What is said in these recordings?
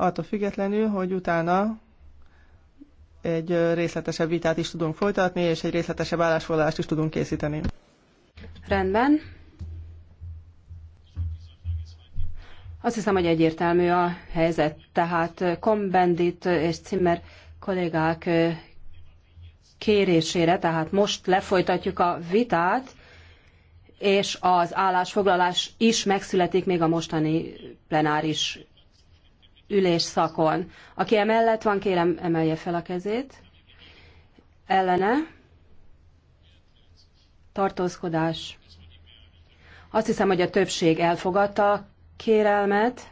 attól függetlenül, hogy utána egy részletesebb vitát is tudunk folytatni, és egy részletesebb állásfoglalást is tudunk készíteni. Rendben. Azt hiszem, hogy egyértelmű a helyzet. Tehát Kombendit és Zimmer kollégák kérésére, tehát most lefolytatjuk a vitát, és az állásfoglalás is megszületik még a mostani plenáris ülésszakon. Aki emellett van, kérem emelje fel a kezét. Ellene. Tartózkodás. Azt hiszem, hogy a többség elfogadta a kérelmet.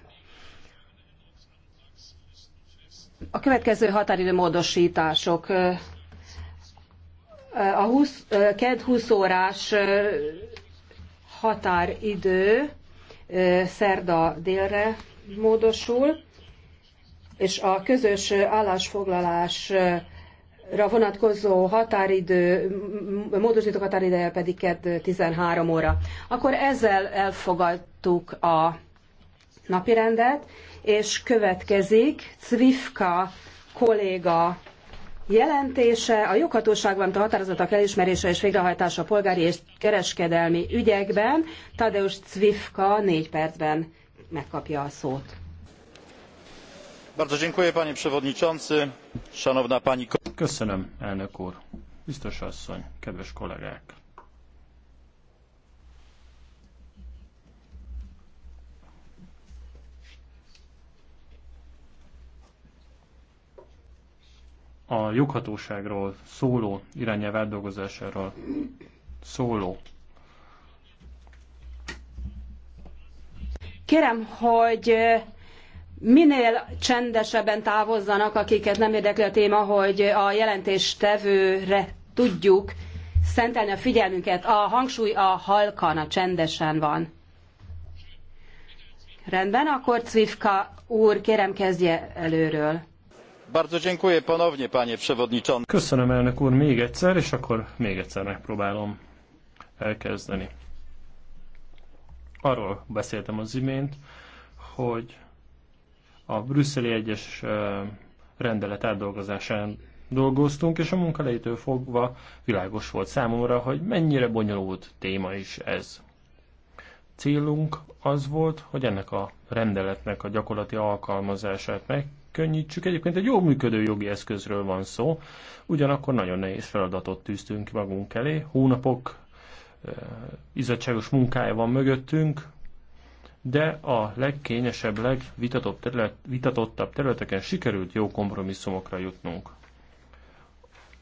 A következő határidő módosítások. A 20, KED 20 órás határidő szerda délre módosul és a közös állásfoglalásra vonatkozó határidő, módosítók határideje pedig 13 óra. Akkor ezzel elfogadtuk a napirendet, és következik Cvifka kolléga jelentése a joghatóságban a határozatok elismerése és végrehajtása polgári és kereskedelmi ügyekben. Tadeusz Cvifka négy percben megkapja a szót panie przewodniczący! szanowna pani köszönöm a joghatóságról szóló irányelv átdolgozásáról szóló kérem hogy minél csendesebben távozzanak, akiket nem érdekli a téma, hogy a jelentéstevőre tudjuk szentelni a figyelmünket. A hangsúly a halkan, a csendesen van. Rendben, akkor Cvifka úr, kérem kezdje előről. Bardzo dziękuję ponownie, panie przewodniczący. Köszönöm elnök úr még egyszer, és akkor még egyszer megpróbálom elkezdeni. Arról beszéltem az imént, hogy a brüsszeli egyes rendelet átdolgozásán dolgoztunk, és a munkalejétől fogva világos volt számomra, hogy mennyire bonyolult téma is ez. Célunk az volt, hogy ennek a rendeletnek a gyakorlati alkalmazását megkönnyítsük. Egyébként egy jó működő jogi eszközről van szó, ugyanakkor nagyon nehéz feladatot tűztünk magunk elé. Hónapok izzadságos munkája van mögöttünk, de a legkényesebb, legvitatottabb terület, vitatottabb területeken sikerült jó kompromisszumokra jutnunk.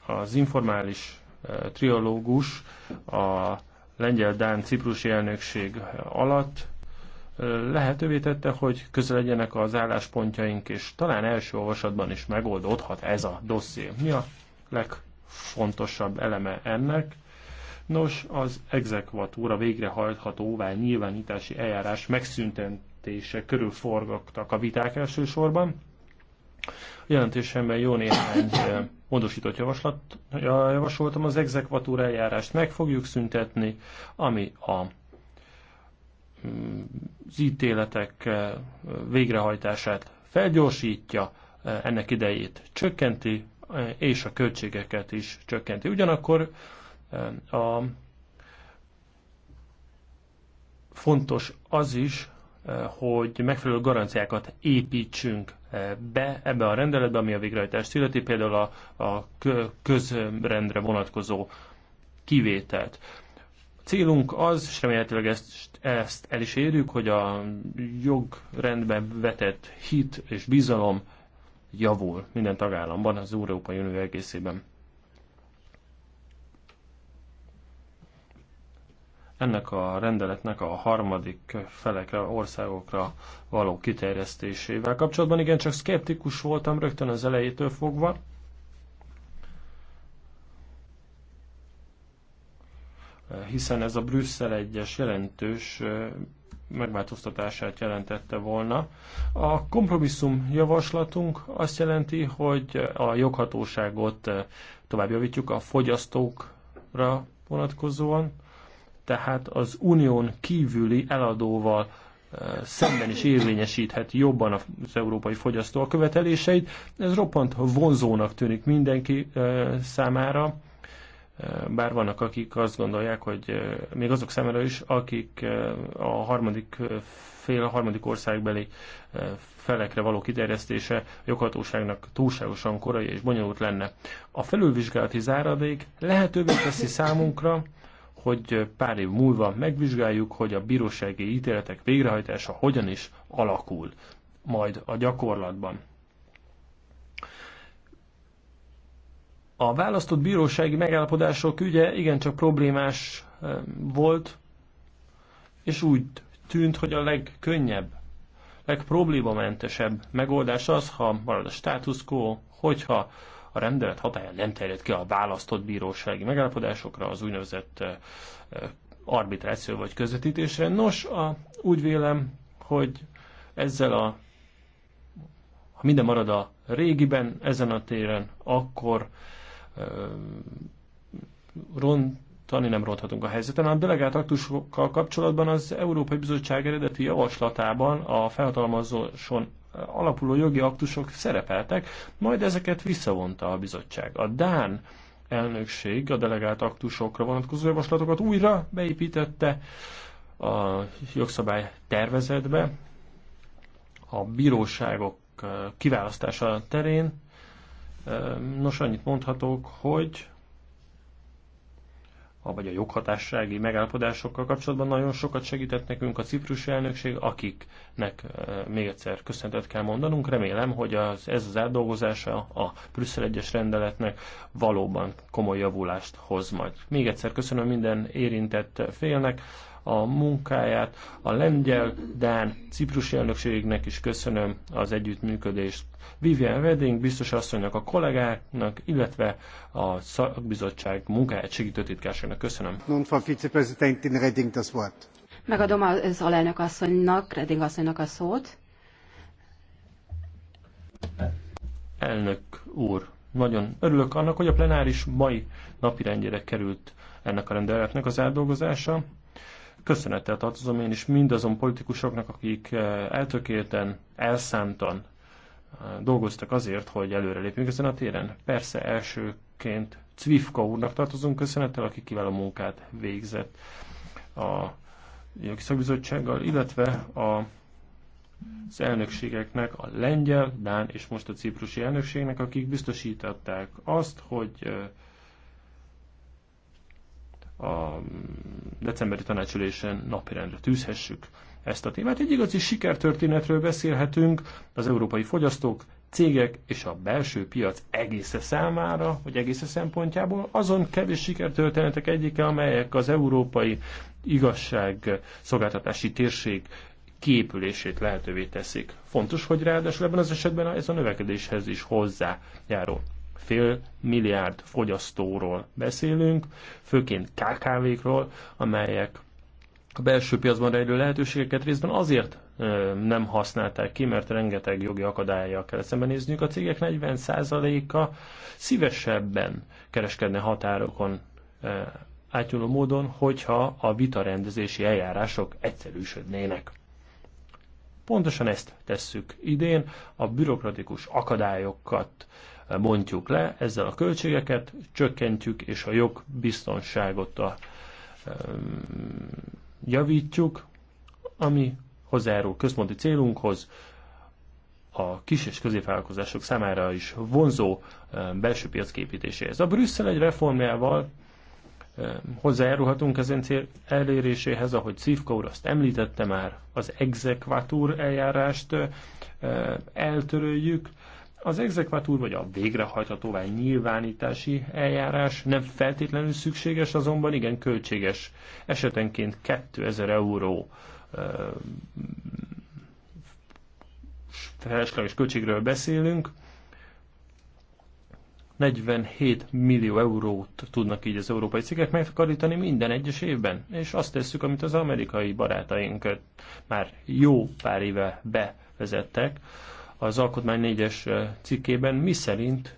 Az informális eh, triológus a lengyel-dán-ciprusi elnökség alatt eh, lehetővé tette, hogy közel legyenek az álláspontjaink, és talán első olvasatban is megoldódhat ez a dosszié. Mi a legfontosabb eleme ennek? Nos, az exekvatúra végrehajthatóvá nyilvánítási eljárás megszüntetése körül forgottak a viták elsősorban. A jelentésemben jó néhány módosított javaslat, javasoltam az exekvatúra eljárást, meg fogjuk szüntetni, ami a mm, az ítéletek végrehajtását felgyorsítja, ennek idejét csökkenti, és a költségeket is csökkenti. Ugyanakkor a fontos az is, eh, hogy megfelelő garanciákat építsünk eh, be ebbe a rendeletbe, ami a végrehajtást illeti, például a, a közrendre vonatkozó kivételt. A célunk az, és remélhetőleg ezt, ezt el is érjük, hogy a jogrendben vetett hit és bizalom javul minden tagállamban, az Európai Unió egészében. ennek a rendeletnek a harmadik felekre, országokra való kiterjesztésével kapcsolatban. Igen, csak szkeptikus voltam rögtön az elejétől fogva. hiszen ez a Brüsszel egyes jelentős megváltoztatását jelentette volna. A kompromisszum javaslatunk azt jelenti, hogy a joghatóságot tovább javítjuk a fogyasztókra vonatkozóan, tehát az unión kívüli eladóval szemben is érvényesíthet jobban az európai fogyasztó a követeléseit. Ez roppant vonzónak tűnik mindenki számára, bár vannak, akik azt gondolják, hogy még azok számára is, akik a harmadik fél, a harmadik országbeli felekre való kiterjesztése a joghatóságnak túlságosan korai és bonyolult lenne. A felülvizsgálati záradék lehetővé teszi számunkra, hogy pár év múlva megvizsgáljuk, hogy a bírósági ítéletek végrehajtása hogyan is alakul majd a gyakorlatban. A választott bírósági megállapodások ügye igencsak problémás eh, volt, és úgy tűnt, hogy a legkönnyebb, legproblémamentesebb megoldás az, ha marad a status quo, hogyha a rendelet hatája nem terjed ki a választott bírósági megállapodásokra, az úgynevezett eh, eh, arbitráció vagy közvetítésre. Nos, a, úgy vélem, hogy ezzel a ha minden marad a régiben, ezen a téren, akkor eh, rontani nem ronthatunk a helyzeten. A delegált aktusokkal kapcsolatban az Európai Bizottság eredeti javaslatában a felhatalmazáson alapuló jogi aktusok szerepeltek, majd ezeket visszavonta a bizottság. A Dán elnökség a delegált aktusokra vonatkozó javaslatokat újra beépítette a jogszabály tervezetbe, a bíróságok eh, kiválasztása terén. Eh, nos, annyit mondhatok, hogy a vagy a joghatássági megállapodásokkal kapcsolatban nagyon sokat segített nekünk a ciprusi elnökség, akiknek még egyszer köszöntet kell mondanunk. Remélem, hogy az, ez az átdolgozása a Brüsszel egyes rendeletnek valóban komoly javulást hoz majd. Még egyszer köszönöm minden érintett félnek, a munkáját. A lengyel, dán, ciprusi elnökségnek is köszönöm az együttműködést. Vivian Redding, biztos asszonynak, a kollégáknak, illetve a szakbizottság munkáját segítő titkárságnak köszönöm. Nun von Vizepräsidentin Redding das Wort. Megadom az alelnök asszonynak, Redding asszonynak a szót. Elnök úr, nagyon örülök annak, hogy a plenáris mai napirendjére került ennek a rendeletnek az átdolgozása köszönettel tartozom én is mindazon politikusoknak, akik eh, eltökélten, elszántan eh, dolgoztak azért, hogy előrelépjünk ezen a téren. Persze elsőként Cvifka úrnak tartozunk köszönettel, aki kiváló munkát végzett a jogi szakbizottsággal, illetve a az elnökségeknek, a lengyel, dán és most a ciprusi elnökségnek, akik biztosították azt, hogy eh, a mm, decemberi tanácsülésen napirendre tűzhessük ezt a témát. Egy igazi sikertörténetről beszélhetünk az európai fogyasztók, cégek és a belső piac egésze számára, vagy egésze szempontjából azon kevés sikertörténetek egyike, amelyek az európai igazság szolgáltatási térség képülését lehetővé teszik. Fontos, hogy ráadásul ebben az esetben ez a növekedéshez is hozzájárul fél milliárd fogyasztóról beszélünk, főként KKV-król, amelyek a belső piacban rejlő lehetőségeket részben azért nem használták ki, mert rengeteg jogi akadályjal kell szembenézniük. A cégek 40%-a szívesebben kereskedne határokon átnyúló módon, hogyha a vitarendezési eljárások egyszerűsödnének. Pontosan ezt tesszük idén, a bürokratikus akadályokat mondjuk le, ezzel a költségeket csökkentjük, és a jogbiztonságot a, javítjuk, ami hozzájárul központi célunkhoz, a kis és középvállalkozások számára is vonzó belső piac képítéséhez. A Brüsszel egy reformjával hozzájárulhatunk ezen cél eléréséhez, ahogy Szívka úr azt említette már, az exekvatúr eljárást eltöröljük, az exekvatúr vagy a végrehajthatóvá nyilvánítási eljárás nem feltétlenül szükséges, azonban igen költséges. Esetenként 2000 euró felesleges költségről beszélünk, 47 millió eurót tudnak így az európai cégek megkarítani minden egyes évben, és azt tesszük, amit az amerikai barátaink már jó pár éve bevezettek, az alkotmány 4-es cikkében, mi szerint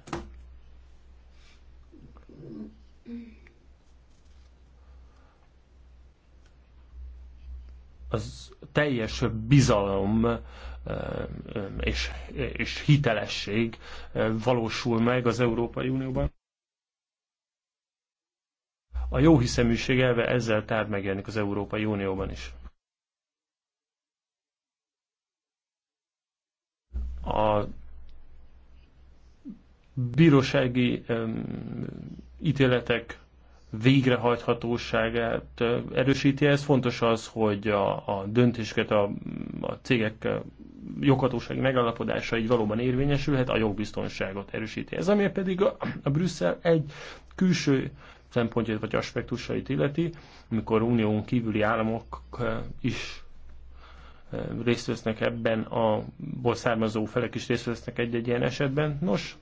az teljes bizalom és, és hitelesség valósul meg az Európai Unióban. A jóhiszeműség elve ezzel tehát megjelenik az Európai Unióban is. a bírósági ítéletek végrehajthatóságát erősíti. Ez fontos az, hogy a, a döntéseket a, a cégek joghatósági megállapodása így valóban érvényesülhet, a jogbiztonságot erősíti. Ez ami pedig a, a Brüsszel egy külső szempontjait vagy aspektusait illeti, amikor unión kívüli államok is részt vesznek ebben, a származó felek is részt vesznek egy-egy ilyen esetben. Nos,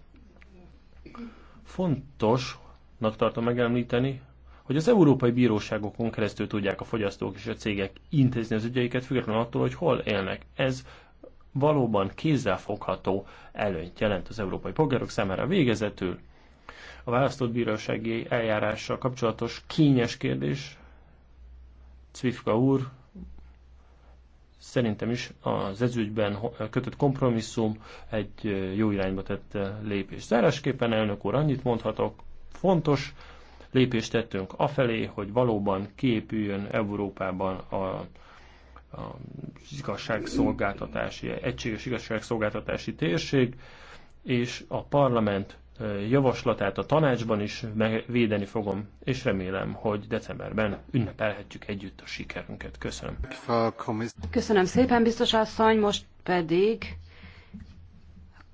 fontosnak tartom megemlíteni, hogy az európai bíróságokon keresztül tudják a fogyasztók és a cégek intézni az ügyeiket, függetlenül attól, hogy hol élnek. Ez valóban kézzelfogható előnyt jelent az európai polgárok számára végezetül. A választott bírósági eljárással kapcsolatos kényes kérdés, Cvifka úr, szerintem is az ezügyben kötött kompromisszum egy jó irányba tett lépés. Zárásképpen elnök úr, annyit mondhatok, fontos lépést tettünk afelé, hogy valóban képüljön Európában a az igazságszolgáltatási, egységes igazságszolgáltatási térség, és a parlament javaslatát a tanácsban is védeni fogom, és remélem, hogy decemberben ünnepelhetjük együtt a sikerünket. Köszönöm. Köszönöm szépen, biztos asszony, most pedig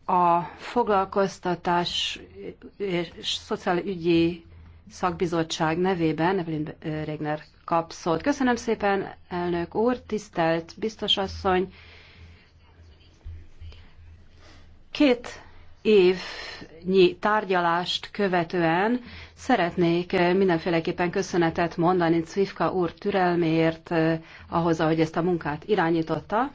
a foglalkoztatás és szociálügyi szakbizottság nevében Evelyn Regner kap szót. Köszönöm szépen, elnök úr, tisztelt biztos asszony. Két évnyi tárgyalást követően szeretnék mindenféleképpen köszönetet mondani Cvifka úr türelméért eh, ahhoz, ahogy ezt a munkát irányította,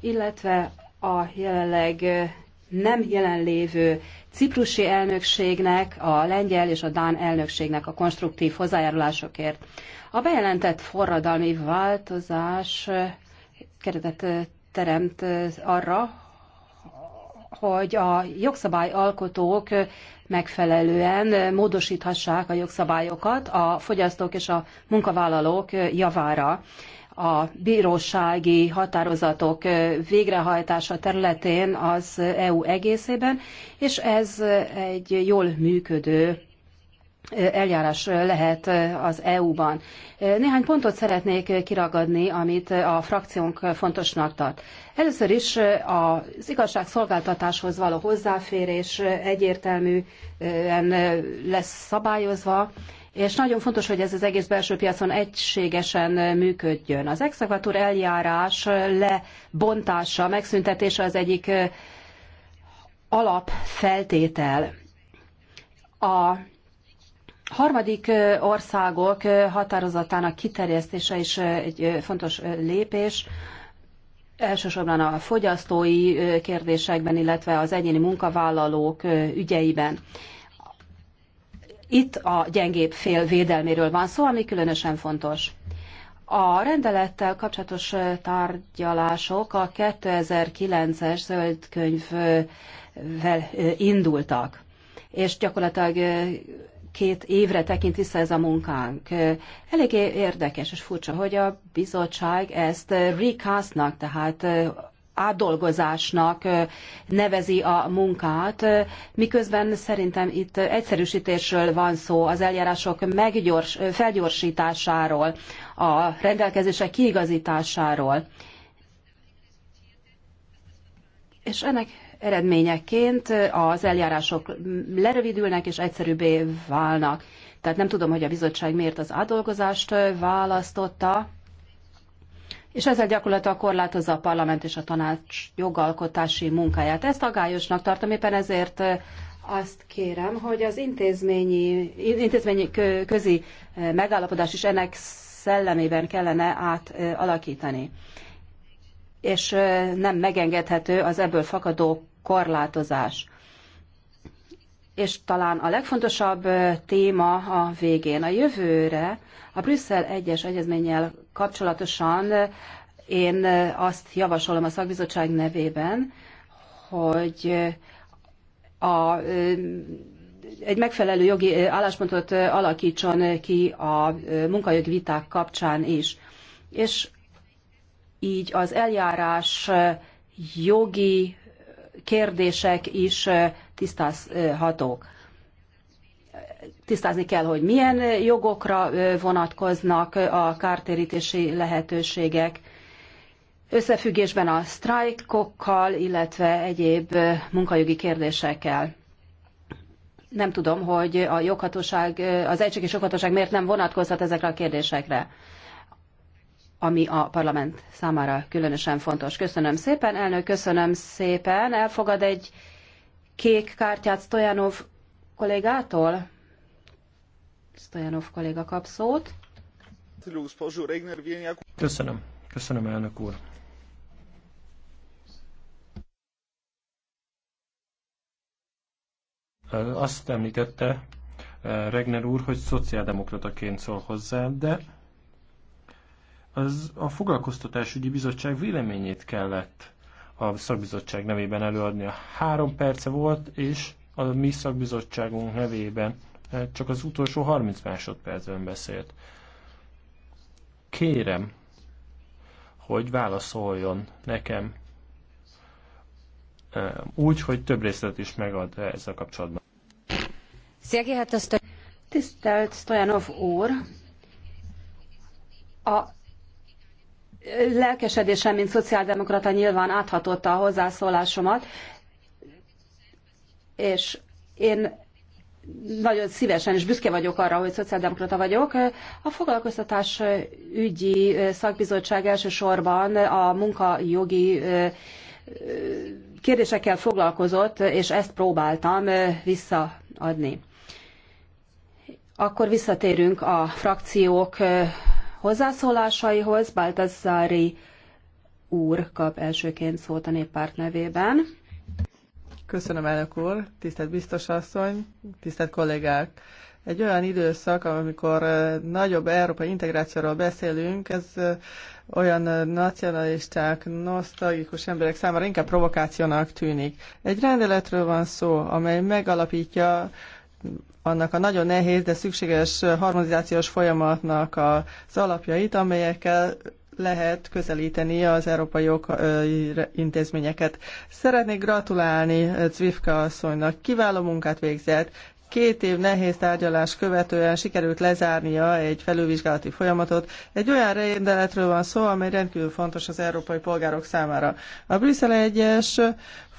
illetve a jelenleg eh, nem jelenlévő ciprusi elnökségnek, a lengyel és a dán elnökségnek a konstruktív hozzájárulásokért. A bejelentett forradalmi változás eh, keretet teremt arra, hogy a jogszabályalkotók megfelelően módosíthassák a jogszabályokat a fogyasztók és a munkavállalók javára. A bírósági határozatok végrehajtása területén az EU egészében, és ez egy jól működő eljárás lehet az EU-ban. Néhány pontot szeretnék kiragadni, amit a frakciónk fontosnak tart. Először is az igazságszolgáltatáshoz való hozzáférés egyértelműen lesz szabályozva, és nagyon fontos, hogy ez az egész belső piacon egységesen működjön. Az exekvatúr eljárás lebontása, megszüntetése az egyik alapfeltétel. A harmadik országok határozatának kiterjesztése is egy fontos lépés, elsősorban a fogyasztói kérdésekben, illetve az egyéni munkavállalók ügyeiben. Itt a gyengébb fél védelméről van szó, ami különösen fontos. A rendelettel kapcsolatos tárgyalások a 2009-es zöld könyvvel indultak, és gyakorlatilag két évre tekint vissza ez a munkánk. Eléggé érdekes és furcsa, hogy a bizottság ezt recastnak, tehát átdolgozásnak nevezi a munkát, miközben szerintem itt egyszerűsítésről van szó, az eljárások meggyors, felgyorsításáról, a rendelkezések kiigazításáról. És ennek eredményeként az eljárások lerövidülnek és egyszerűbbé válnak. Tehát nem tudom, hogy a bizottság miért az átdolgozást választotta, és ezzel gyakorlatilag korlátozza a parlament és a tanács jogalkotási munkáját. Ezt agályosnak tartom, éppen ezért azt kérem, hogy az intézményi, intézményi közi megállapodás is ennek szellemében kellene átalakítani és nem megengedhető az ebből fakadó korlátozás. És talán a legfontosabb téma a végén, a jövőre, a Brüsszel egyes egyezménnyel kapcsolatosan én azt javasolom a szakbizottság nevében, hogy a, egy megfelelő jogi álláspontot alakítson ki a munkajogi viták kapcsán is. És így az eljárás jogi kérdések is tisztázhatók. Tisztázni kell, hogy milyen jogokra vonatkoznak a kártérítési lehetőségek, összefüggésben a sztrájkokkal, illetve egyéb munkajogi kérdésekkel. Nem tudom, hogy a joghatóság, az egységes joghatóság miért nem vonatkozhat ezekre a kérdésekre ami a parlament számára különösen fontos. Köszönöm szépen, elnök, köszönöm szépen. Elfogad egy kék kártyát Stojanov kollégától? Stojanov kolléga kap szót. Köszönöm. Köszönöm, elnök úr. Azt említette eh, Regner úr, hogy szociáldemokrataként szól hozzá, de az a foglalkoztatásügyi bizottság véleményét kellett a szakbizottság nevében előadni a Három perce volt, és a mi szakbizottságunk nevében eh, csak az utolsó 30 másodpercben beszélt. Kérem, hogy válaszoljon nekem eh, úgy, hogy több részlet is megad ezzel kapcsolatban. Tisztelt Stojanov úr! A lelkesedésem, mint szociáldemokrata nyilván áthatotta a hozzászólásomat, és én nagyon szívesen és büszke vagyok arra, hogy szociáldemokrata vagyok. A foglalkoztatás ügyi szakbizottság elsősorban a munkajogi kérdésekkel foglalkozott, és ezt próbáltam visszaadni. Akkor visszatérünk a frakciók hozzászólásaihoz. Baltazári úr kap elsőként szót a néppárt nevében. Köszönöm, elnök úr, tisztelt biztos asszony, tisztelt kollégák! Egy olyan időszak, amikor nagyobb európai integrációról beszélünk, ez olyan nacionalisták, nosztalgikus emberek számára inkább provokációnak tűnik. Egy rendeletről van szó, amely megalapítja annak a nagyon nehéz, de szükséges harmonizációs folyamatnak az alapjait, amelyekkel lehet közelíteni az európai intézményeket. Szeretnék gratulálni Cvifka asszonynak, kiváló munkát végzett, két év nehéz tárgyalás követően sikerült lezárnia egy felülvizsgálati folyamatot. Egy olyan rendeletről van szó, amely rendkívül fontos az európai polgárok számára. A Brüsszel egyes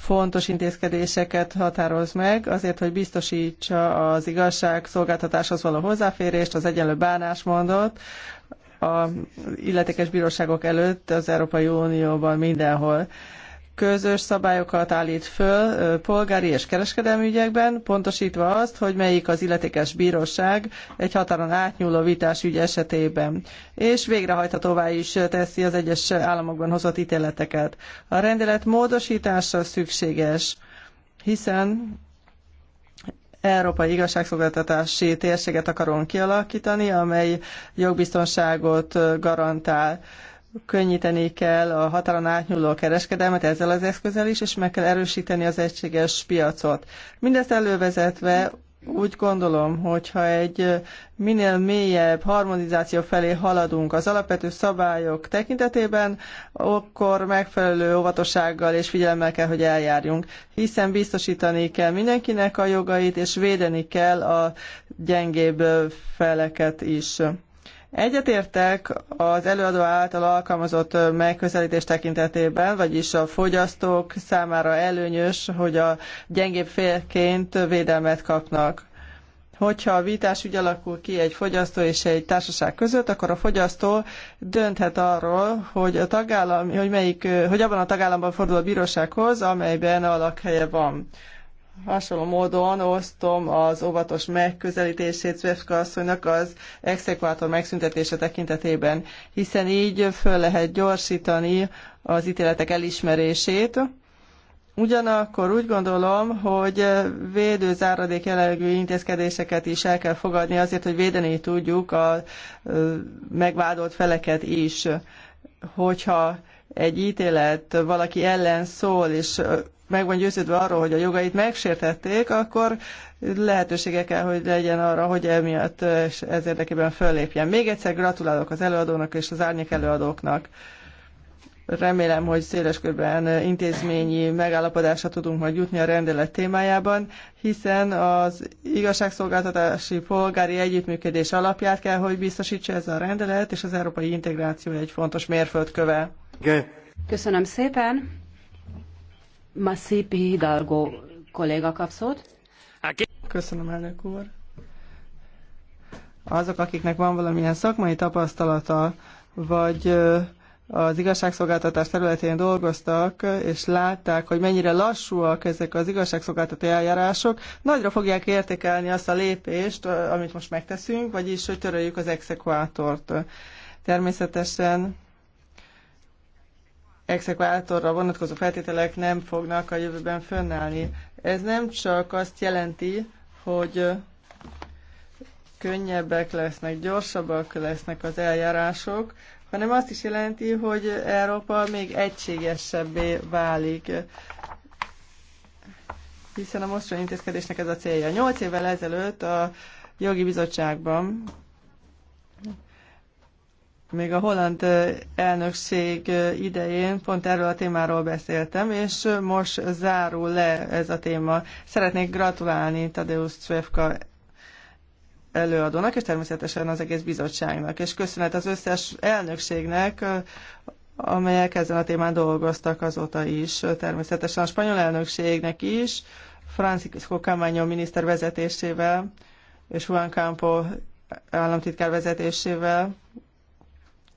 fontos intézkedéseket határoz meg, azért, hogy biztosítsa az igazság szolgáltatáshoz való hozzáférést, az egyenlő bánásmondot, a illetékes bíróságok előtt az Európai Unióban mindenhol közös szabályokat állít föl polgári és kereskedelmi ügyekben, pontosítva azt, hogy melyik az illetékes bíróság egy határon átnyúló vitás ügy esetében, és végrehajthatóvá is teszi az egyes államokban hozott ítéleteket. A rendelet módosítása szükséges, hiszen európai igazságszolgáltatási térséget akarunk kialakítani, amely jogbiztonságot garantál könnyíteni kell a határon átnyúló kereskedelmet ezzel az eszközzel is, és meg kell erősíteni az egységes piacot. Mindezt elővezetve úgy gondolom, hogyha egy minél mélyebb harmonizáció felé haladunk az alapvető szabályok tekintetében, akkor megfelelő óvatossággal és figyelemmel kell, hogy eljárjunk, hiszen biztosítani kell mindenkinek a jogait, és védeni kell a gyengébb feleket is. Egyetértek az előadó által alkalmazott megközelítés tekintetében, vagyis a fogyasztók számára előnyös, hogy a gyengébb félként védelmet kapnak. Hogyha a vitás úgy alakul ki egy fogyasztó és egy társaság között, akkor a fogyasztó dönthet arról, hogy, a tagállam, hogy, melyik, hogy abban a tagállamban fordul a bírósághoz, amelyben a lakhelye van hasonló módon osztom az óvatos megközelítését Zvefka asszonynak az exekvátor megszüntetése tekintetében, hiszen így föl lehet gyorsítani az ítéletek elismerését. Ugyanakkor úgy gondolom, hogy záradék jellegű intézkedéseket is el kell fogadni azért, hogy védeni tudjuk a megvádolt feleket is. Hogyha egy ítélet valaki ellen szól, és meg van győződve arról, hogy a jogait megsértették, akkor lehetősége kell, hogy legyen arra, hogy emiatt és ez érdekében föllépjen. Még egyszer gratulálok az előadónak és az árnyék előadóknak. Remélem, hogy széles körben intézményi megállapodásra tudunk majd jutni a rendelet témájában, hiszen az igazságszolgáltatási polgári együttműködés alapját kell, hogy biztosítsa ez a rendelet, és az európai integráció egy fontos mérföldköve. Köszönöm szépen! Masipi Hidalgo kolléga kap szót. Köszönöm, elnök úr. Azok, akiknek van valamilyen szakmai tapasztalata, vagy az igazságszolgáltatás területén dolgoztak, és látták, hogy mennyire lassúak ezek az igazságszolgáltató eljárások, nagyra fogják értékelni azt a lépést, amit most megteszünk, vagyis, hogy töröljük az exekvátort. Természetesen exekvátorra vonatkozó feltételek nem fognak a jövőben fönnállni. Ez nem csak azt jelenti, hogy könnyebbek lesznek, gyorsabbak lesznek az eljárások, hanem azt is jelenti, hogy Európa még egységesebbé válik. Hiszen a mostani intézkedésnek ez a célja. Nyolc évvel ezelőtt a jogi bizottságban még a holland elnökség idején pont erről a témáról beszéltem, és most zárul le ez a téma. Szeretnék gratulálni Tadeusz Cvefka előadónak, és természetesen az egész bizottságnak. És köszönet az összes elnökségnek, amelyek ezen a témán dolgoztak azóta is. Természetesen a spanyol elnökségnek is, Francisco Camaño miniszter vezetésével, és Juan Campo államtitkár vezetésével,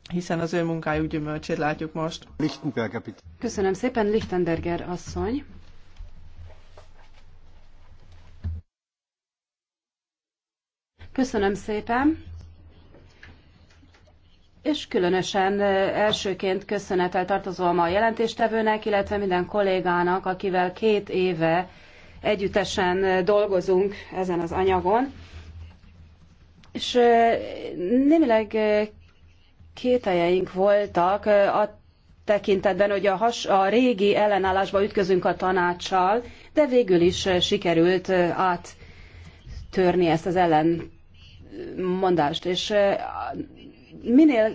hiszen az ő munkájuk gyümölcsét látjuk most. Köszönöm szépen, Lichtenberger asszony. Köszönöm szépen. És különösen elsőként köszönettel tartozom a jelentéstevőnek, illetve minden kollégának, akivel két éve együttesen dolgozunk ezen az anyagon. És némileg kételjeink voltak a tekintetben, hogy a, has, a régi ellenállásba ütközünk a tanácssal, de végül is sikerült áttörni ezt az ellenmondást. És minél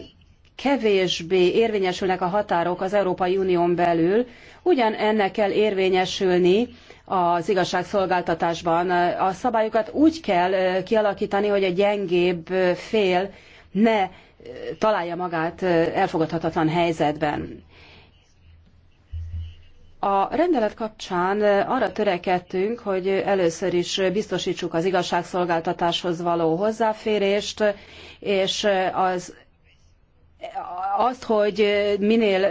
kevésbé érvényesülnek a határok az Európai Unión belül, ugyan ennek kell érvényesülni az igazságszolgáltatásban. A szabályokat úgy kell kialakítani, hogy a gyengébb fél ne találja magát elfogadhatatlan helyzetben. A rendelet kapcsán arra törekedtünk, hogy először is biztosítsuk az igazságszolgáltatáshoz való hozzáférést, és az, azt, hogy minél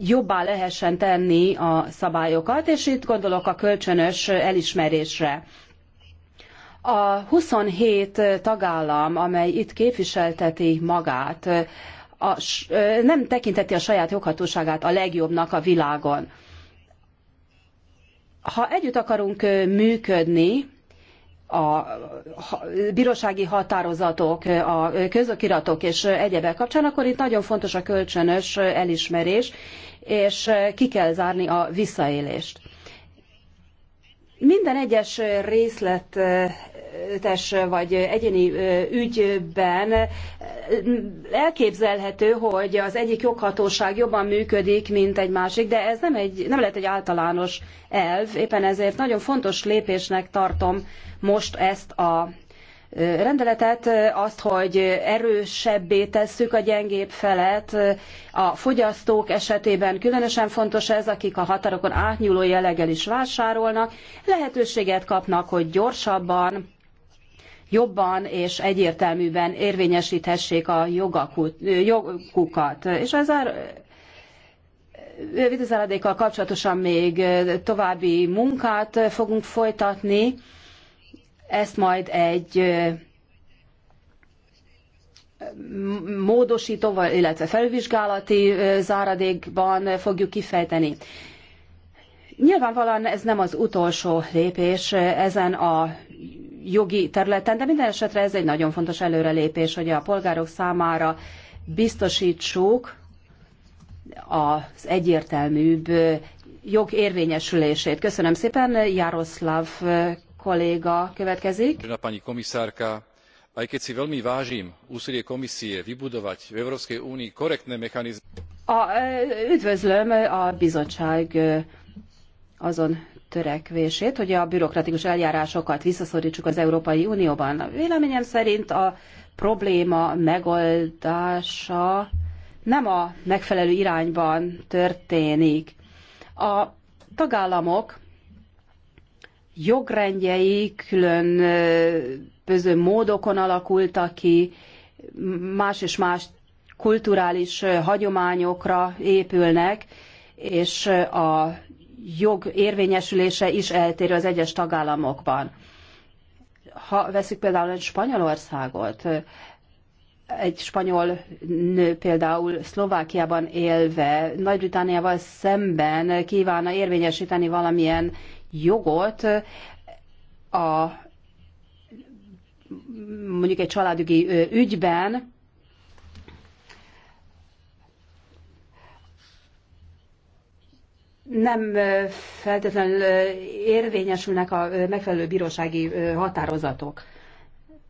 jobbá lehessen tenni a szabályokat, és itt gondolok a kölcsönös elismerésre. A 27 tagállam, amely itt képviselteti magát, a, nem tekinteti a saját joghatóságát a legjobbnak a világon. Ha együtt akarunk működni, a bírósági határozatok, a közokiratok és egyebek kapcsán, akkor itt nagyon fontos a kölcsönös elismerés, és ki kell zárni a visszaélést. Minden egyes részlet önkéntes vagy egyéni ügyben elképzelhető, hogy az egyik joghatóság jobban működik, mint egy másik, de ez nem, egy, nem lehet egy általános elv, éppen ezért nagyon fontos lépésnek tartom most ezt a rendeletet, azt, hogy erősebbé tesszük a gyengébb felet. A fogyasztók esetében különösen fontos ez, akik a határokon átnyúló jelleggel is vásárolnak, lehetőséget kapnak, hogy gyorsabban jobban és egyértelműben érvényesíthessék a jogakut, jogukat. És ez a videózáradékkal kapcsolatosan még további munkát fogunk folytatni, ezt majd egy módosító, illetve felvizsgálati záradékban fogjuk kifejteni. Nyilvánvalóan ez nem az utolsó lépés ezen a jogi területen, de minden esetre ez egy nagyon fontos előrelépés, hogy a polgárok számára biztosítsuk az egyértelműbb jog érvényesülését. Köszönöm szépen, Jaroszláv kolléga következik. Pani komisárka, aj keď si veľmi vážim úsilie komisie vybudovať v Európskej únii korektné mechanizmy. A, üdvözlöm a bizottság azon törekvését, hogy a bürokratikus eljárásokat visszaszorítsuk az Európai Unióban. Véleményem szerint a probléma megoldása nem a megfelelő irányban történik. A tagállamok jogrendjei böző módokon alakultak ki, más és más kulturális hagyományokra épülnek, és a jog érvényesülése is eltérő az egyes tagállamokban. Ha veszük például egy Spanyolországot, egy spanyol nő például Szlovákiában élve Nagy-Britániával szemben kívánna érvényesíteni valamilyen jogot, a mondjuk egy családügyi ügyben, nem feltétlenül érvényesülnek a megfelelő bírósági határozatok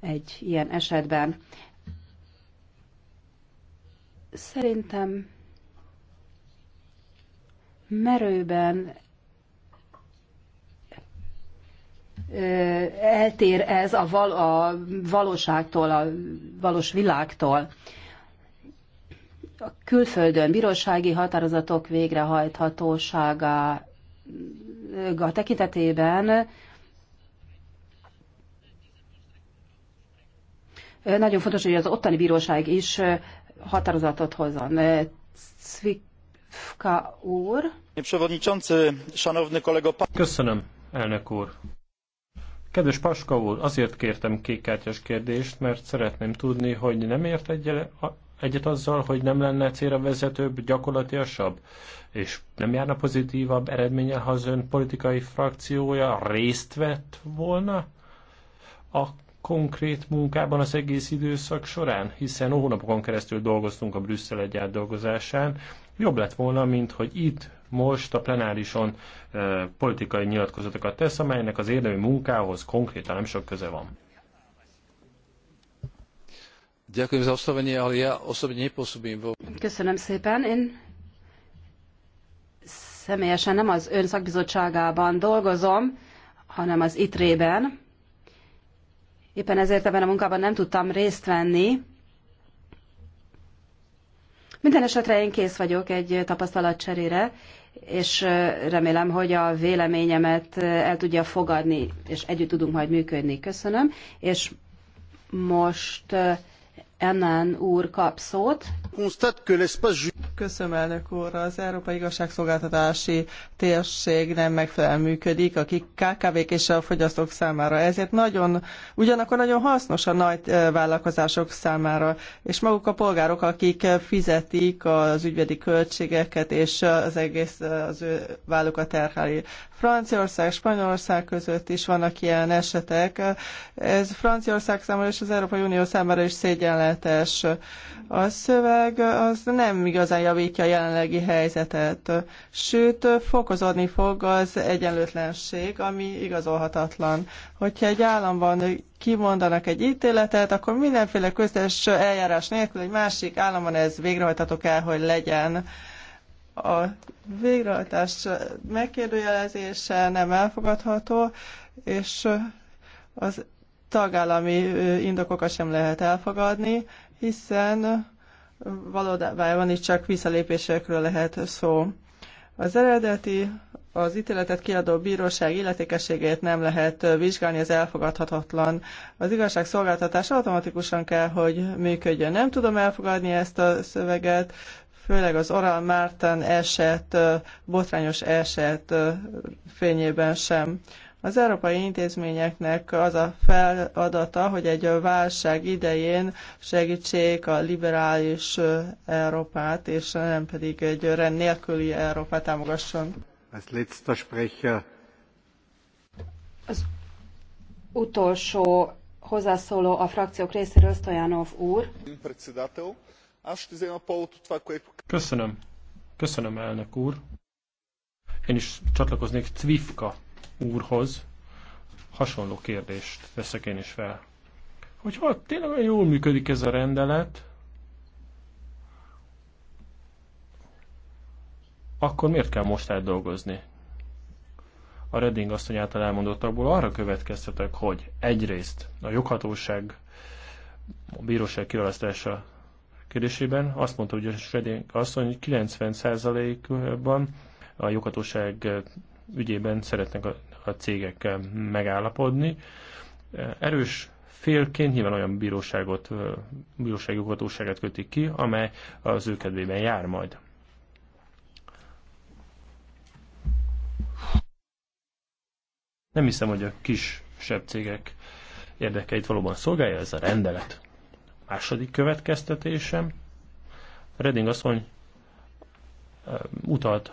egy ilyen esetben. Szerintem merőben eltér ez a, val- a valóságtól, a valós világtól a külföldön bírósági határozatok végrehajthatósága a tekintetében nagyon fontos, hogy az ottani bíróság is határozatot hozzon. Cvika úr. Köszönöm, elnök úr. Kedves Paska úr, azért kértem kékkártyás kérdést, mert szeretném tudni, hogy nem ért egyel egyet azzal, hogy nem lenne célra vezetőbb, gyakorlatilasabb, és nem járna pozitívabb eredménnyel, ha az ön politikai frakciója részt vett volna a konkrét munkában az egész időszak során, hiszen hónapokon keresztül dolgoztunk a Brüsszel egy átdolgozásán. Jobb lett volna, mint hogy itt most a plenárison e, politikai nyilatkozatokat tesz, amelynek az érdemi munkához konkrétan nem sok köze van. Ďakujem za oslovenie, ale ja osobne nepôsobím vo... Köszönöm szépen. Én személyesen nem az ön szakbizottságában dolgozom, hanem az ITRE-ben. Éppen ezért ebben a munkában nem tudtam részt venni. Minden esetre én kész vagyok egy tapasztalatcserére, és remélem, hogy a véleményemet el tudja fogadni, és együtt tudunk majd működni. Köszönöm. És most Ennán úr kap szót. Köszönöm, elnök úr. Az Európai Igazságszolgáltatási térség nem megfelelően működik, akik KKV-k és a fogyasztók számára. Ezért nagyon, ugyanakkor nagyon hasznos a nagy eh, vállalkozások számára, és maguk a polgárok, akik eh, fizetik az ügyvédi költségeket, és eh, az egész az ő vállukat terheli. Franciaország, Spanyolország között is vannak ilyen esetek. Ez Franciaország számára és az Európai Unió számára is szégyenletes a szöveg az nem igazán javítja a jelenlegi helyzetet, sőt fokozódni fog az egyenlőtlenség, ami igazolhatatlan. Hogyha egy államban kimondanak egy ítéletet, akkor mindenféle köztes eljárás nélkül egy másik államban ez végrehajtható kell, hogy legyen a végrehajtás megkérdőjelezése nem elfogadható, és az tagállami indokokat sem lehet elfogadni, hiszen valóban itt csak visszalépésekről lehet szó. Az eredeti az ítéletet kiadó bíróság illetékességét nem lehet vizsgálni, ez elfogadhatatlan. Az igazságszolgáltatás automatikusan kell, hogy működjön. Nem tudom elfogadni ezt a szöveget, főleg az Oral Márten eset, botrányos eset fényében sem. Az európai intézményeknek az a feladata, hogy egy válság idején segítsék a liberális Európát, és nem pedig egy rend nélküli Európát támogasson. Az utolsó hozzászóló a frakciók részéről Stojanov úr. Köszönöm. Köszönöm, elnök úr. Én is csatlakoznék Cvifka úrhoz hasonló kérdést veszek én is fel. Hogy ha tényleg olyan jól működik ez a rendelet, akkor miért kell most dolgozni? A Redding asszony által elmondottakból arra következtetek, hogy egyrészt a joghatóság, a bíróság kiválasztása kérdésében azt mondta, hogy a Redding asszony 90%-ban a joghatóság ügyében szeretnek a, a cégek megállapodni. Erős félként nyilván olyan bíróságot, bírósági hatóságát kötik ki, amely az ő kedvében jár majd. Nem hiszem, hogy a kisebb cégek érdekeit valóban szolgálja ez a rendelet. Második következtetésem. Redding asszony utalt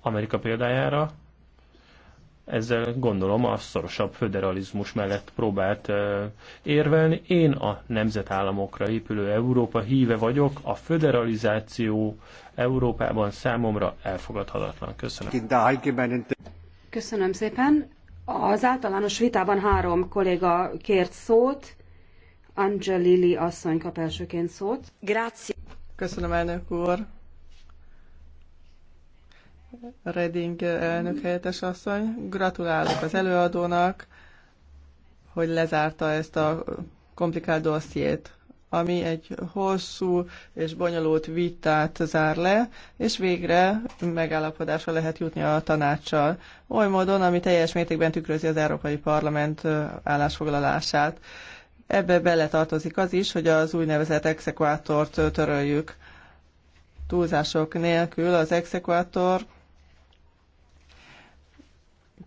Amerika példájára, ezzel gondolom a szorosabb föderalizmus mellett próbált érvelni. Én a nemzetállamokra épülő Európa híve vagyok, a föderalizáció Európában számomra elfogadhatatlan. Köszönöm. Köszönöm szépen. Az általános vitában három kolléga kért szót. Angelili asszony kap elsőként szót. Grazie. Köszönöm, elnök úr. Reding elnök helyettes asszony. Gratulálok az előadónak, hogy lezárta ezt a komplikált dossziét, ami egy hosszú és bonyolult vitát zár le, és végre megállapodásra lehet jutni a tanácssal. Oly módon, ami teljes mértékben tükrözi az Európai Parlament állásfoglalását. Ebbe bele tartozik az is, hogy az úgynevezett exekvátort töröljük túlzások nélkül az exekvátor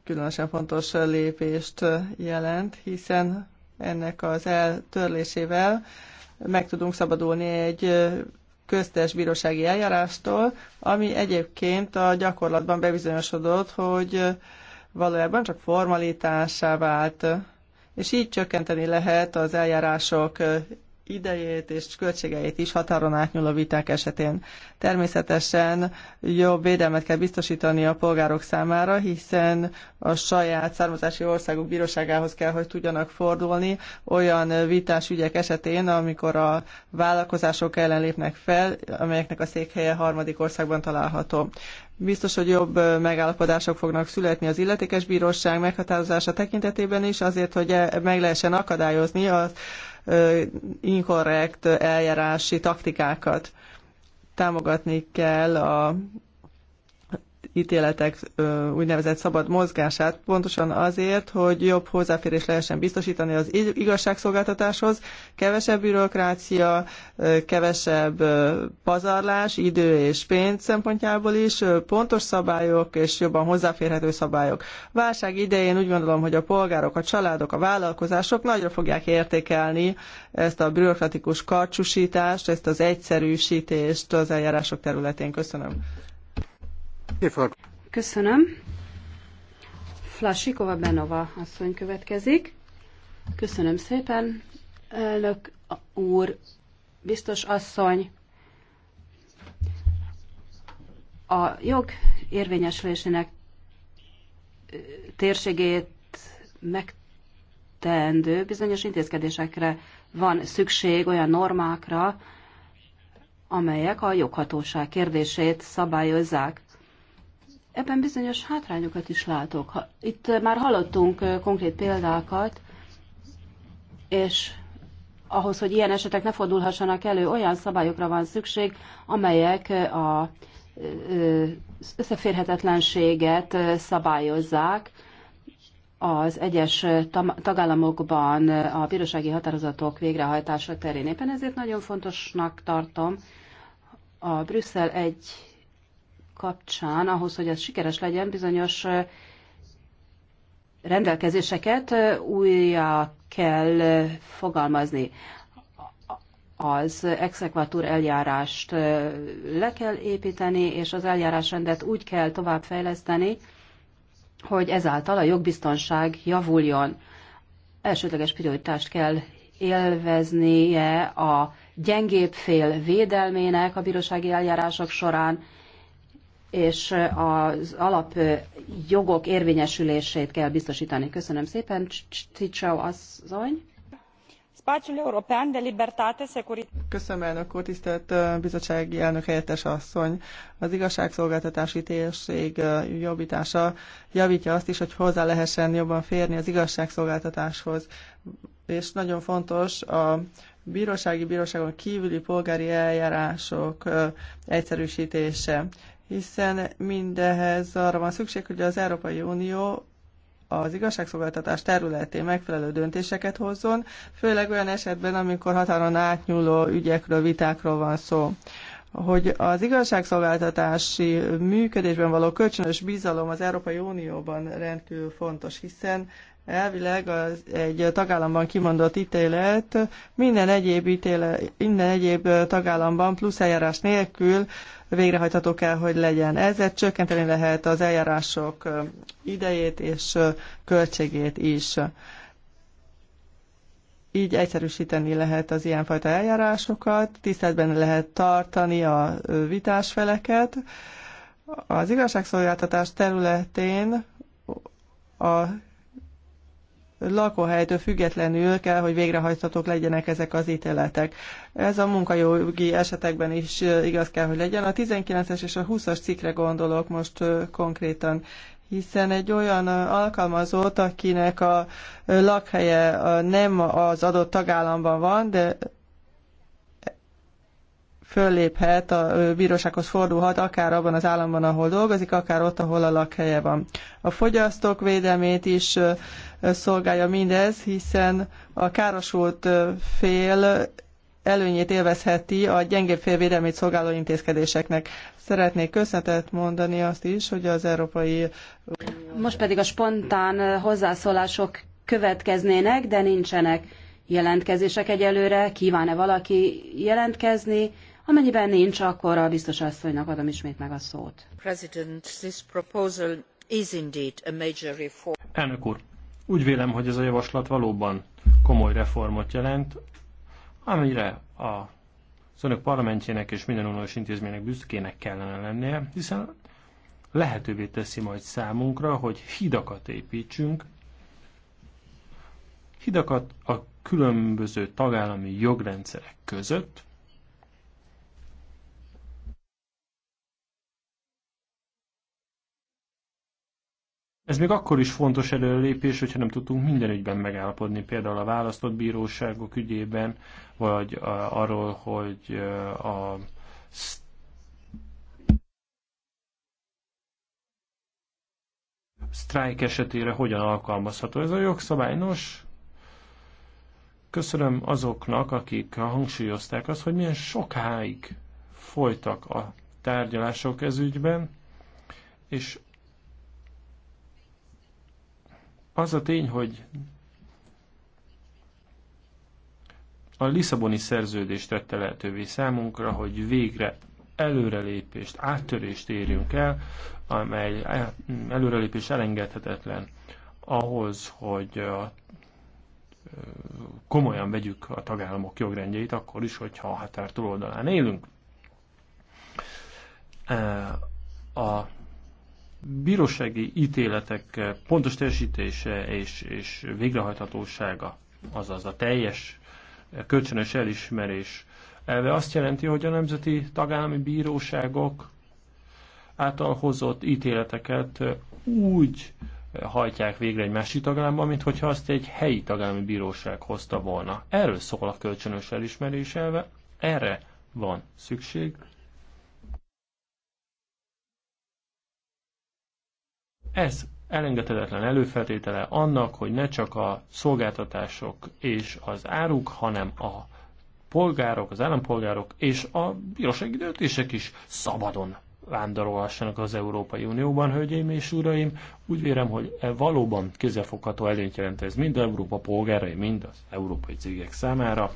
különösen fontos lépést jelent, hiszen ennek az eltörlésével meg tudunk szabadulni egy köztes bírósági eljárástól, ami egyébként a gyakorlatban bebizonyosodott, hogy valójában csak formalitássá vált, és így csökkenteni lehet az eljárások idejét és költségeit is határon átnyúló viták esetén. Természetesen jobb védelmet kell biztosítani a polgárok számára, hiszen a saját származási országuk bíróságához kell, hogy tudjanak fordulni olyan vitás ügyek esetén, amikor a vállalkozások ellen lépnek fel, amelyeknek a székhelye harmadik országban található. Biztos, hogy jobb megállapodások fognak születni az illetékes bíróság meghatározása tekintetében is, azért, hogy e- meg lehessen akadályozni az inkorrekt eljárási taktikákat. Támogatni kell a ítéletek úgynevezett szabad mozgását, pontosan azért, hogy jobb hozzáférés lehessen biztosítani az igazságszolgáltatáshoz, kevesebb bürokrácia, kevesebb pazarlás, idő és pénz szempontjából is, pontos szabályok és jobban hozzáférhető szabályok. Válság idején úgy gondolom, hogy a polgárok, a családok, a vállalkozások nagyra fogják értékelni ezt a bürokratikus karcsúsítást, ezt az egyszerűsítést az eljárások területén. Köszönöm. Köszönöm. Flasikova Benova asszony következik. Köszönöm szépen, elnök úr, biztos asszony. A jog érvényesülésének térségét megteendő bizonyos intézkedésekre van szükség, olyan normákra, amelyek a joghatóság kérdését szabályozzák. Ebben bizonyos hátrányokat is látok. Itt eh, már hallottunk eh, konkrét példákat, és ahhoz, hogy ilyen esetek ne fordulhassanak elő, olyan szabályokra van szükség, amelyek eh, a összeférhetetlenséget szabályozzák az egyes tagállamokban a bírósági határozatok végrehajtása terén. Éppen ezért nagyon fontosnak tartom a Brüsszel egy kapcsán, ahhoz, hogy ez sikeres legyen, bizonyos rendelkezéseket újra kell fogalmazni. Az exekvatúr eljárást le kell építeni, és az eljárásrendet úgy kell továbbfejleszteni, hogy ezáltal a jogbiztonság javuljon. Elsődleges prioritást kell élveznie a gyengébb fél védelmének a bírósági eljárások során, és az jogok érvényesülését kell biztosítani. Köszönöm szépen, Csicsau asszony. Köszönöm, elnök úr, tisztelt bizottsági elnök helyettes asszony. Az igazságszolgáltatási térség jobbítása javítja azt is, hogy hozzá lehessen jobban férni az igazságszolgáltatáshoz. És nagyon fontos a bírósági bíróságon kívüli polgári eljárások egyszerűsítése hiszen mindehez arra van szükség, hogy az Európai Unió az igazságszolgáltatás területén megfelelő döntéseket hozzon, főleg olyan esetben, amikor határon átnyúló ügyekről, vitákról van szó. Hogy az igazságszolgáltatási működésben való kölcsönös bizalom az Európai Unióban rendkívül fontos, hiszen elvileg az egy tagállamban kimondott ítélet minden egyéb, ítéle, minden egyéb tagállamban plusz eljárás nélkül végrehajtható kell, hogy legyen. Ezzel csökkenteni lehet az eljárások idejét és költségét is. Így egyszerűsíteni lehet az ilyenfajta eljárásokat, tiszteletben lehet tartani a vitásfeleket. Az igazságszolgáltatás területén a lakóhelytől függetlenül kell, hogy végrehajthatók legyenek ezek az ítéletek. Ez a munkajogi esetekben is igaz kell, hogy legyen. A 19-es és a 20-as cikkre gondolok most konkrétan hiszen egy olyan alkalmazott, akinek a lakhelye nem az adott tagállamban van, de fölléphet, a bírósághoz fordulhat, akár abban az államban, ahol dolgozik, akár ott, ahol a lakhelye van. A fogyasztók védelmét is szolgálja mindez, hiszen a károsult fél előnyét élvezheti a gyengébb fél védelmét szolgáló intézkedéseknek. Szeretnék köszönetet mondani azt is, hogy az Európai Most pedig a spontán hozzászólások következnének, de nincsenek jelentkezések egyelőre. Kíván-e valaki jelentkezni? Amennyiben nincs, akkor a biztos asszonynak adom ismét meg a szót. President, this proposal is indeed a major reform. Elnök úr, úgy vélem, hogy ez a javaslat valóban komoly reformot jelent, amire a az önök parlamentjének és minden uniós intézménynek büszkének kellene lennie, hiszen lehetővé teszi majd számunkra, hogy hidakat építsünk, hidakat a különböző tagállami jogrendszerek között, Ez még akkor is fontos előrelépés, hogyha nem tudtunk minden ügyben megállapodni, például a választott bíróságok ügyében, vagy arról, hogy a sztrájk esetére hogyan alkalmazható ez a jogszabály. Nos, köszönöm azoknak, akik hangsúlyozták azt, hogy milyen sokáig folytak a tárgyalások ezügyben, és Az a tény, hogy a Lisszaboni szerződés tette lehetővé számunkra, hogy végre előrelépést, áttörést érjünk el, amely előrelépés elengedhetetlen ahhoz, hogy komolyan vegyük a tagállamok jogrendjeit, akkor is, hogyha a határ túloldalán élünk. A bírósági ítéletek pontos teljesítése és, és végrehajthatósága, azaz a teljes kölcsönös elismerés elve azt jelenti, hogy a nemzeti tagállami bíróságok által hozott ítéleteket úgy hajtják végre egy másik tagállamban, mint hogyha azt egy helyi tagállami bíróság hozta volna. Erről szól a kölcsönös elismerés elve, erre van szükség, Ez elengedhetetlen előfeltétele annak, hogy ne csak a szolgáltatások és az áruk, hanem a polgárok, az állampolgárok és a bírósági döntések is szabadon vándorolhassanak az Európai Unióban, hölgyeim és uraim. Úgy vélem, hogy e valóban kézzelfogható előnyt jelent ez mind Európa polgárai, mind az európai cégek számára,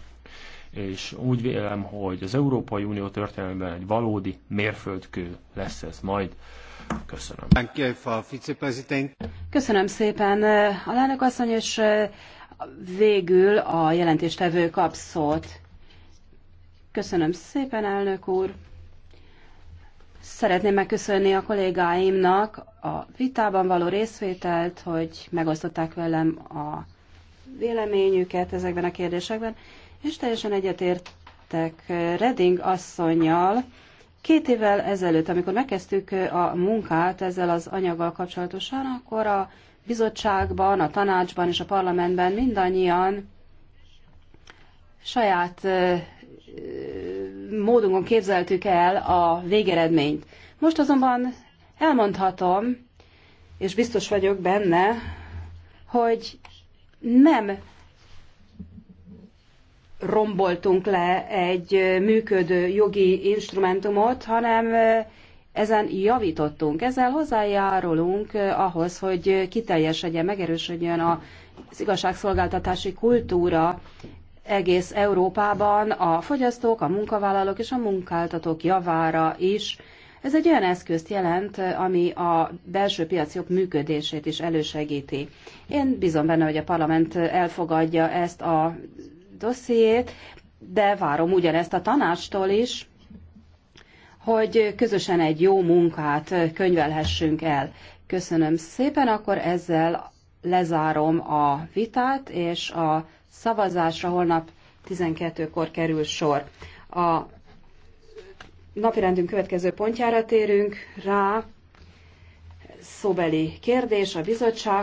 és úgy vélem, hogy az Európai Unió történelmében egy valódi mérföldkő lesz ez majd. Köszönöm. Köszönöm szépen. Eh, alelnök asszony, és eh, végül a jelentéstevő kap szót. Köszönöm szépen, elnök úr. Szeretném megköszönni a kollégáimnak a vitában való részvételt, hogy megosztották velem a véleményüket ezekben a kérdésekben, és teljesen egyetértek eh, Reding asszonyjal, Két évvel ezelőtt, amikor megkezdtük a munkát ezzel az anyaggal kapcsolatosan, akkor a bizottságban, a tanácsban és a parlamentben mindannyian saját módunkon képzeltük el a végeredményt. Most azonban elmondhatom, és biztos vagyok benne, hogy nem romboltunk le egy működő jogi instrumentumot, hanem ezen javítottunk, ezzel hozzájárulunk ahhoz, hogy kiteljesedjen, megerősödjön az igazságszolgáltatási kultúra egész Európában a fogyasztók, a munkavállalók és a munkáltatók javára is. Ez egy olyan eszközt jelent, ami a belső piacok működését is elősegíti. Én bízom benne, hogy a parlament elfogadja ezt a dossziét, de várom ugyanezt a tanácstól is, hogy közösen egy jó munkát könyvelhessünk el. Köszönöm szépen, akkor ezzel lezárom a vitát, és a szavazásra holnap 12-kor kerül sor. A napirendünk következő pontjára térünk rá, szóbeli kérdés a bizottság.